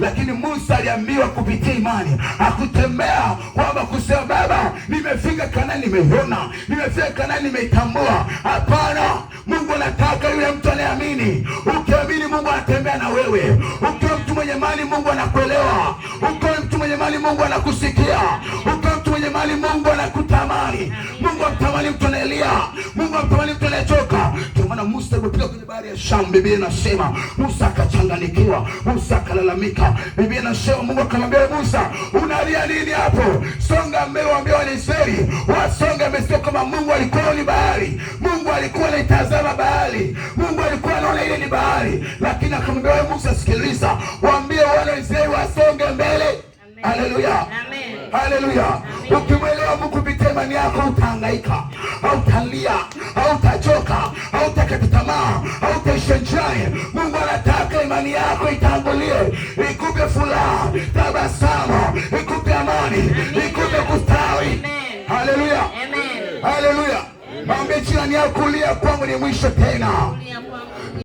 lakini Musa aliambiwa kupitia imani, hakutembea kwamba kusema Baba, nimefika kanani nimeona, nimefika kanani nimeitambua. Hapana, Mungu anataka yule mtu anayeamini. Ukiamini, Mungu anatembea na wewe. Ukiwa mtu mwenye mali, Mungu anakuelewa. Ukiwa mtu mwenye mali, Mungu anakusikia. Ukiwa mtu mwenye mali, Mungu anakutamani. Mungu amtamani mtu anaelia. Mungu Musa alipopita kwenye bahari ya Shamu, Biblia inasema Musa akachanganikiwa, Musa akalalamika. Biblia inasema Mungu akamwambia ee Musa, unalia nini hapo? Songa mbele, waambie Waisraeli wasonge mbele, kama Mungu alikuwa ni bahari. Mungu alikuwa anaitazama bahari, Mungu alikuwa anaona ile ni bahari, lakini akamwambia wewe Musa, sikiliza, waambie wale wa wasonge mbele. Haleluya, haleluya! Ukimwelewa Mungu kupitia imani yako, utahangaika, au utalia au utacho hautakata tamaa, hautaisha njiani. Mungu anataka imani yako itangulie, ikupe furaha, tabasamu, ikupe amani, ikupe kustawi. Haleluya, haleluya! Mwambie jirani yako, kulia kwangu ni mwisho tena.